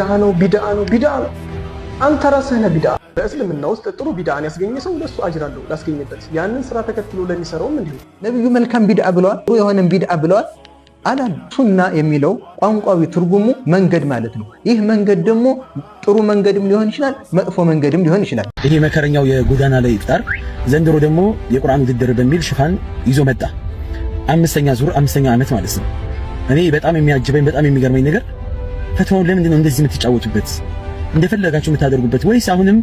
ቢድዓ ነው፣ ቢድዓ ነው፣ ቢድዓ ነው። አንተ ራስህ ነህ ቢድዓ። በእስልምና ውስጥ ጥሩ ቢድአን ያስገኘ ሰው ለሱ አጅር አለው ላስገኘበት፣ ያንን ስራ ተከትሎ ለሚሰራውም እንዲሁ። ነቢዩ መልካም ቢድዓ ብለዋል፣ ጥሩ የሆነም ቢድዓ ብለዋል አላል። ሱና የሚለው ቋንቋዊ ትርጉሙ መንገድ ማለት ነው። ይህ መንገድ ደግሞ ጥሩ መንገድም ሊሆን ይችላል፣ መጥፎ መንገድም ሊሆን ይችላል። ይሄ መከረኛው የጎዳና ላይ ኢፍጣር ዘንድሮ ደግሞ የቁርአን ውድድር በሚል ሽፋን ይዞ መጣ። አምስተኛ ዙር አምስተኛ ዓመት ማለት ነው። እኔ በጣም የሚያጅበኝ በጣም የሚገርመኝ ነገር ፈትዋውን ለምንድን ነው እንደዚህ የምትጫወቱበት እንደፈለጋችሁ የምታደርጉበት? ወይስ አሁንም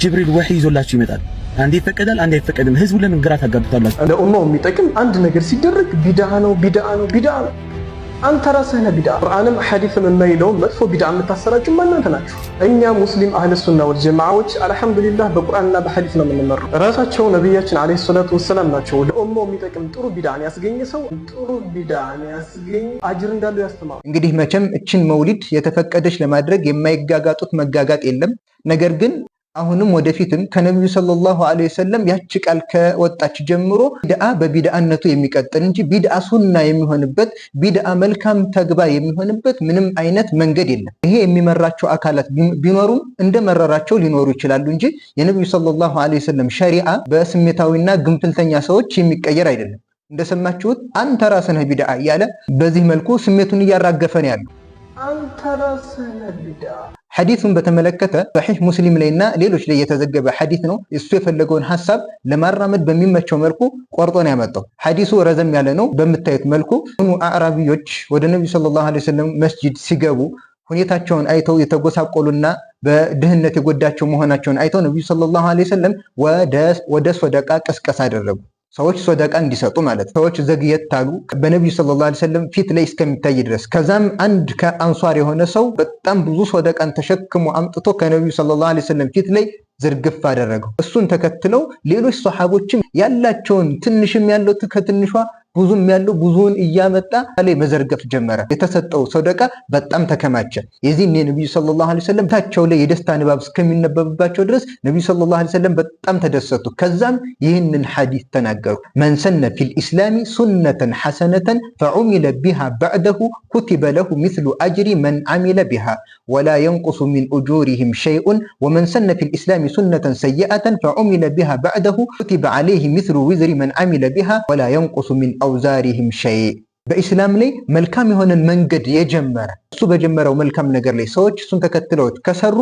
ጅብሪል ወህ ይዞላችሁ ይመጣል? አንዴ ይፈቀዳል፣ አንዴ አይፈቀድም። ህዝቡ ለምን ግራ ታጋብታላችሁ? ለኡማው የሚጠቅም አንድ ነገር ሲደረግ ቢድዓ ነው፣ ቢድዓ ነው፣ ቢድዓ ነው። አንተ ራስህ ነህ ቢድዓ። ቁርአንም ሐዲስም የማይለው መጥፎ ቢድዓ የምታሰራጩ እናንተ ናችሁ። እኛ ሙስሊም አህለ ሱና ወል ጀማዓዎች አልሐምዱሊላህ በቁርአንና በሐዲስ ነው የምንመራው። ራሳቸው ነቢያችን አለይሂ ሰላቱ ወሰላም ናቸው ለኡማው የሚጠቅም ጥሩ ቢድዓን ያስገኘ ሰው ጥሩ ቢድዓን ያስገኝ አጅር እንዳለው ያስተማሩ። እንግዲህ መቼም እችን መውሊድ የተፈቀደች ለማድረግ የማይጋጋጡት መጋጋጥ የለም። ነገር ግን አሁንም ወደፊትም ከነቢዩ ሰለላሁ ዐለይሂ ወሰለም ያቺ ቃል ከወጣች ጀምሮ ቢድአ በቢድአነቱ የሚቀጥል እንጂ ቢድአ ሱና የሚሆንበት ቢድአ መልካም ተግባር የሚሆንበት ምንም አይነት መንገድ የለም። ይሄ የሚመራቸው አካላት ቢኖሩም እንደ መረራቸው ሊኖሩ ይችላሉ እንጂ የነቢዩ ሰለላሁ ዐለይሂ ወሰለም ሸሪአ በስሜታዊና ግንፍልተኛ ሰዎች የሚቀየር አይደለም። እንደሰማችሁት አንተ ራስህ ነህ ቢድአ እያለ በዚህ መልኩ ስሜቱን እያራገፈ ያለው። አንተ ራስህ ነህ ቢድአ ሐዲሱን በተመለከተ ሰሒህ ሙስሊም ላይ እና ሌሎች ላይ የተዘገበ ሐዲስ ነው። እሱ የፈለገውን ሀሳብ ለማራመድ በሚመቸው መልኩ ቆርጦ ነው ያመጣው። ሐዲሱ ረዘም ያለ ነው። በምታዩት መልኩ አዕራቢዎች ወደ ነቢዩ ሰለላሁ ዐለይሂ ወሰለም መስጂድ ሲገቡ ሁኔታቸውን አይተው የተጎሳቆሉና በድህነት የጎዳቸው መሆናቸውን አይተው ነቢዩ ሰለላሁ ዐለይሂ ወሰለም ወደ ሶደቃ ቅስቀሳ አደረጉ። ሰዎች ሶደቃ እንዲሰጡ ማለት ሰዎች ዘግየት አሉ በነቢዩ ሰለላሁ ዐለይሂ ወሰለም ፊት ላይ እስከሚታይ ድረስ። ከዛም አንድ ከአንሷር የሆነ ሰው በጣም ብዙ ሶደቃን ተሸክሞ አምጥቶ ከነቢዩ ሰለላሁ ዐለይሂ ወሰለም ፊት ላይ ዝርግፍ አደረገው። እሱን ተከትለው ሌሎች ሰሓቦችም ያላቸውን ትንሽም ያለው ከትንሿ ብዙም ያለው ብዙውን እያመጣ ላይ መዘርገፍ ጀመረ። የተሰጠው ሰደቃ በጣም ተከማቸ። የዚህ የነቢዩ ሰለላሁ ዐለይሂ ወሰለም ታቸው ላይ የደስታ ንባብ እስከሚነበብባቸው ድረስ ነቢዩ ሰለላሁ ዐለይሂ ወሰለም በጣም ተደሰቱ። ከዛም ይህንን ሐዲስ ተናገሩ። መንሰነ ፊል ኢስላሚ ሱነተን ሐሰነተን ፈዑሚለ ቢሃ ባዕደሁ ኩቲበ ለሁ ሚስሉ አጅሪ መን ዓሚለ ቢሃ ወላ የንቁሱ ሚን ኡጁሪሂም ሸይኡን ወመን ፊል ኢስላሚ ሱነተን ሰይአተን ፈዑሚለ ቢሃ ባዕደሁ ኩቲበ ዓለይህ ሚስሉ ዊዝሪ መን አሚለ ቢሃ ወላ የንቁሱ ሚን አውዛሪህም ሸይ በኢስላም ላይ መልካም የሆነን መንገድ የጀመረ እሱ በጀመረው መልካም ነገር ላይ ሰዎች እሱን ተከትለውት ከሰሩ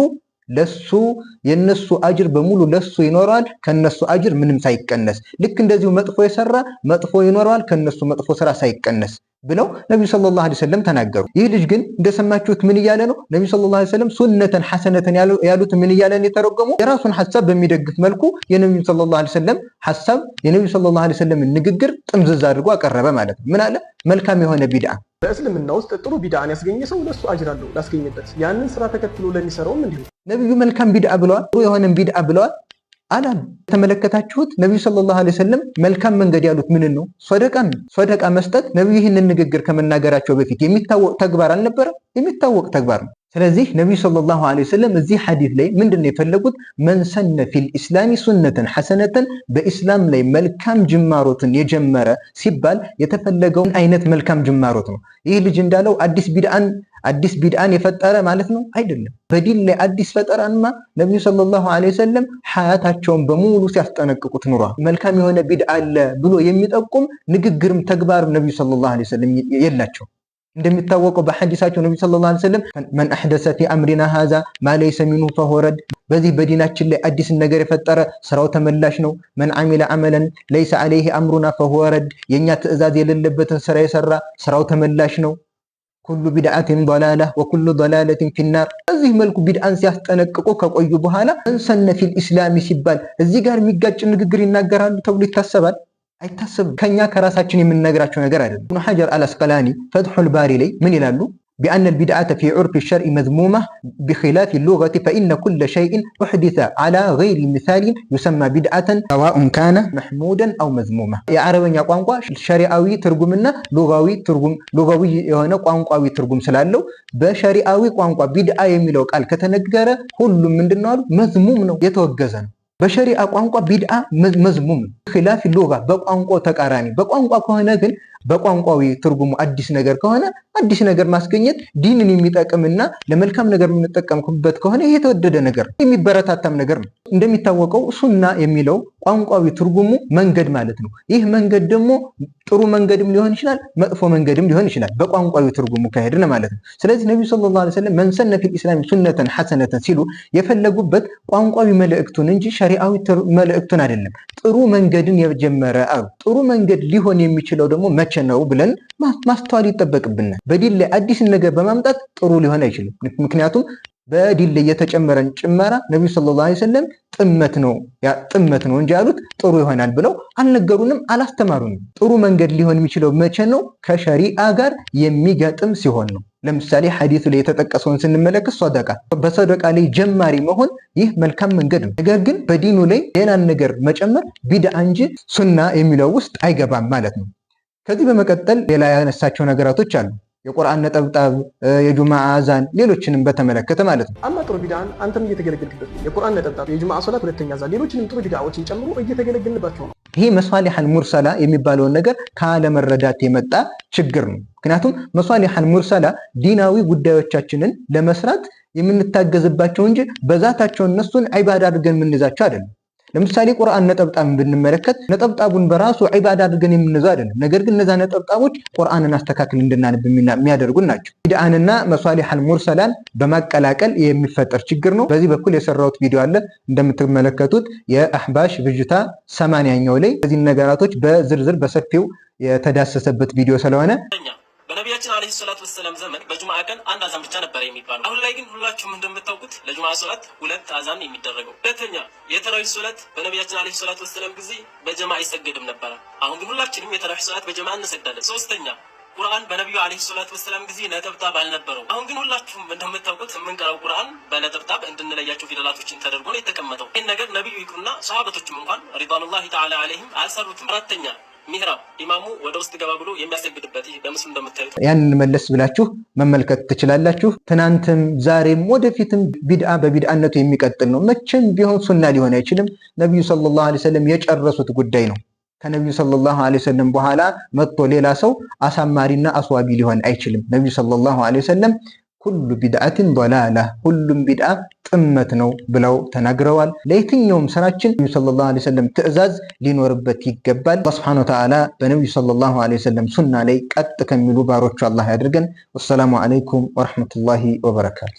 ለሱ የነሱ አጅር በሙሉ ለሱ ይኖረዋል፣ ከነሱ አጅር ምንም ሳይቀነስ። ልክ እንደዚሁ መጥፎ የሰራ መጥፎ ይኖረዋል፣ ከነሱ መጥፎ ስራ ሳይቀነስ። ብለው ነቢዩ ሰለላሁ ዐለይሂ ወሰለም ተናገሩ። ይህ ልጅ ግን እንደሰማችሁት ምን እያለ ነው? ነቢዩ ሰለላሁ ዐለይሂ ወሰለም ሱነተን ሐሰነተን ያሉት ምን እያለ ነው የተረጎሙ? የራሱን ሐሳብ በሚደግፍ መልኩ የነቢዩ ሰለላሁ ዐለይሂ ወሰለም ሐሳብ የነቢዩ ሰለላሁ ዐለይሂ ወሰለም ንግግር ጥምዝዝ አድርጎ አቀረበ ማለት ነው። ምን አለ? መልካም የሆነ ቢድዓ በእስልምና ውስጥ ጥሩ ቢድዓን ያስገኘ ሰው ለሱ አጅር አለው ላስገኘበት፣ ያንን ስራ ተከትሎ ለሚሰራውም እንዲሁ ነቢዩ መልካም ቢድዓ ብለዋል፣ ጥሩ የሆነን ቢድዓ ብለዋል። አላሉ። ተመለከታችሁት? ነቢዩ ሰለላሁ ዐለይሂ ወሰለም መልካም መንገድ ያሉት ምንን ነው? ሰደቃ ነው። ሶደቃ መስጠት ነቢዩ ይህንን ንግግር ከመናገራቸው በፊት የሚታወቅ ተግባር አልነበረም? የሚታወቅ ተግባር ነው። ስለዚህ ነቢዩ ሰለላሁ ዐለይሂ ወሰለም እዚህ ሐዲት ላይ ምንድነው የፈለጉት? መንሰነ ፊል ኢስላሚ ሱነተን ሐሰነተን በኢስላም ላይ መልካም ጅማሮትን የጀመረ ሲባል የተፈለገውን አይነት መልካም ጅማሮት ነው። ይህ ልጅ እንዳለው አዲስ ቢድአን አዲስ ቢድአን የፈጠረ ማለት ነው አይደለም። በዲን ላይ አዲስ ፈጠራንማ ነቢዩ ሰለላሁ ዐለይሂ ወሰለም ሐያታቸውን በሙሉ ሲያስጠነቅቁት ኑሯል። መልካም የሆነ ቢድአ አለ ብሎ የሚጠቁም ንግግርም ተግባርም ነቢዩ ሰለላሁ ዐለይሂ ወሰለም የላቸው። እንደሚታወቀው በሐዲሳቸው ነቢዩ ሰለላሁ ዐለይሂ ወሰለም መን አሕደሰ ፊ አምሪና ሃዛ ማ ለይሰ ሚንሁ ፈሁወ ረድ፣ በዚህ በዲናችን ላይ አዲስን ነገር የፈጠረ ስራው ተመላሽ ነው። መን አሚለ አመለን ለይሰ ዐለይሂ አምሩና ፈሁወ ረድ፣ የእኛ ትእዛዝ የሌለበትን ስራ የሰራ ስራው ተመላሽ ነው። ኩሉ ቢድዓትን ዶላላ ወኩሉ ዶላለትን ፊናር። በዚህ መልኩ ቢድዓን ሲያስጠነቅቁ ከቆዩ በኋላ እንሰነ ፊል ኢስላሚ ሲባል እዚህ ጋር የሚጋጭ ንግግር ይናገራሉ ተብሎ ይታሰባል? አይታሰብም። ከኛ ከራሳችን የምንነግራቸው ነገር አይደለም። ኢብኑ ሐጀር አልአስቀላኒ ፈትሑል ባሪ ላይ ምን ይላሉ? بأن البدعة في عرف الشرع مذمومة بخلاف اللغة فإن كل شيء أحدث على غير مثال يسمى بدعة سواء كان محمودا أو مذموما يا عربي يا قوانقوا الشرعاوي ترجمنا لغوي ترجم لغوي هنا قوانقوا ترجم سلالو بشرعاوي قوانقوا بدعة يملوك الكتنجرة كل من دنال مذموم يتوجزن بشري أقوانقوا بدعة مذموم خلاف اللغة بقوانقوا تكاراني بقوانقوا كهنا በቋንቋዊ ትርጉሙ አዲስ ነገር ከሆነ አዲስ ነገር ማስገኘት ዲንን የሚጠቅምና ለመልካም ነገር የምንጠቀምበት ከሆነ ይሄ የተወደደ ነገር ነው፣ የሚበረታታም ነገር ነው። እንደሚታወቀው ሱና የሚለው ቋንቋዊ ትርጉሙ መንገድ ማለት ነው። ይህ መንገድ ደግሞ ጥሩ መንገድም ሊሆን ይችላል፣ መጥፎ መንገድም ሊሆን ይችላል። በቋንቋዊ ትርጉሙ ከሄድን ማለት ነው። ስለዚህ ነቢዩ ሰለላሁ ዐለይሂ ወሰለም መንሰነ ፊል ኢስላም ሱነተን ሐሰነተን ሲሉ የፈለጉበት ቋንቋዊ መልእክቱን እንጂ ሸሪዓዊ መልእክቱን አይደለም። ጥሩ መንገድን የጀመረ አሉ። ጥሩ መንገድ ሊሆን የሚችለው ደግሞ መቼ እየሰራችን ነው ብለን ማስተዋል ይጠበቅብናል። በዲል ላይ አዲስን ነገር በማምጣት ጥሩ ሊሆን አይችልም። ምክንያቱም በዲል ላይ የተጨመረን ጭመራ ነቢዩ ሰለላሁ ዐለይሂ ወሰለም ጥመት ነው ጥመት ነው እንጂ ያሉት ጥሩ ይሆናል ብለው አልነገሩንም፣ አላስተማሩንም። ጥሩ መንገድ ሊሆን የሚችለው መቼ ነው? ከሸሪአ ጋር የሚገጥም ሲሆን ነው። ለምሳሌ ሐዲሱ ላይ የተጠቀሰውን ስንመለከት ሶደቃ፣ በሰደቃ ላይ ጀማሪ መሆን ይህ መልካም መንገድ ነው። ነገር ግን በዲኑ ላይ ሌላን ነገር መጨመር ቢድዓ እንጂ ሱና የሚለው ውስጥ አይገባም ማለት ነው። ከዚህ በመቀጠል ሌላ ያነሳቸው ነገራቶች አሉ። የቁርአን ነጠብጣብ፣ የጁማ አዛን፣ ሌሎችንም በተመለከተ ማለት ነው። አማ ጥሩ ቢድዓን አንተም እየተገለገልክበት የቁርአን ነጠብጣብ፣ የጁማ ሶላት፣ ሁለተኛ አዛን፣ ሌሎችንም ጥሩ ቢድዓዎችን ጨምሮ እየተገለገልንባቸው ነው። ይሄ መሷሊሐን ሙርሰላ የሚባለውን ነገር ካለመረዳት የመጣ ችግር ነው። ምክንያቱም መሷሊሐን ሙርሰላ ዲናዊ ጉዳዮቻችንን ለመስራት የምንታገዝባቸው እንጂ በዛታቸው እነሱን ዒባዳ አድርገን የምንይዛቸው አይደለም። ለምሳሌ ቁርአን ነጠብጣብን ብንመለከት ነጠብጣቡን በራሱ ዒባዳ አድርገን የምንዘው አይደለም። ነገር ግን እነዛ ነጠብጣቦች ቁርአንን አስተካክል እንድናነብ የሚያደርጉን ናቸው። ቢድአንና መሷሊሐል ሙርሰላን በማቀላቀል የሚፈጠር ችግር ነው። በዚህ በኩል የሰራሁት ቪዲዮ አለ እንደምትመለከቱት የአህባሽ ብዥታ ሰማንያኛው ላይ እነዚህ ነገራቶች በዝርዝር በሰፊው የተዳሰሰበት ቪዲዮ ስለሆነ በነቢያችን አለህ ሰላቱ ወሰላም ዘመን በጁማ ቀን አንድ አዛን ብቻ ነበረ የሚባለው። አሁን ላይ ግን ሁላችሁም እንደምታውቁት ለጁማ ሶላት ሁለት አዛን የሚደረገው። ሁለተኛ የተራዊ ሶላት በነቢያችን አለህ ሰላት ወሰላም ጊዜ በጀማ አይሰገድም ነበረ። አሁን ግን ሁላችንም የተራዊ ሶላት በጀማ እንሰግዳለን። ሶስተኛ ቁርአን በነቢዩ አለህ ሰላት ወሰላም ጊዜ ነጠብጣብ አልነበረው። አሁን ግን ሁላችሁም እንደምታውቁት የምንቀራው ቁርአን በነጠብጣብ እንድንለያቸው ፊደላቶችን ተደርጎ ነው የተቀመጠው። ይህን ነገር ነቢዩ ይቅሩና ሰሃበቶችም እንኳን ሪዷኑላሂ ተዓላ አለይሂም አልሰሩትም። አራተኛ ሚህራብ ኢማሙ ወደ ውስጥ ገባ ብሎ የሚያሰግድበት ይህ በምስሉ እንደምታዩት ያንን መለስ ብላችሁ መመልከት ትችላላችሁ። ትናንትም ዛሬም ወደፊትም ቢድአ በቢድአነቱ የሚቀጥል ነው። መቼም ቢሆን ሱና ሊሆን አይችልም። ነቢዩ ሰለላሁ ዐለይሂ ወሰለም የጨረሱት ጉዳይ ነው። ከነቢዩ ሰለላሁ ዐለይሂ ወሰለም በኋላ መጥቶ ሌላ ሰው አሳማሪና አስዋቢ ሊሆን አይችልም። ነቢዩ ሰለላሁ ዐለይሂ ወሰለም ኩሉ ቢድአትን ዶላላ፣ ሁሉም ቢድአ ጥመት ነው ብለው ተናግረዋል። ለየትኛውም ስራችን ነቢዩ ሰለላሁ ዐለይሂ ወሰለም ትዕዛዝ ሊኖርበት ይገባል። አላህ ሱብሓነሁ ወተዓላ በነቢዩ ሰለላሁ ዐለይሂ ወሰለም ሱና ላይ ቀጥ ከሚሉ ባሮቹ አላህ ያድርገን። ወሰላሙ ዐለይኩም ወረሕመቱላሂ ወበረካቱ።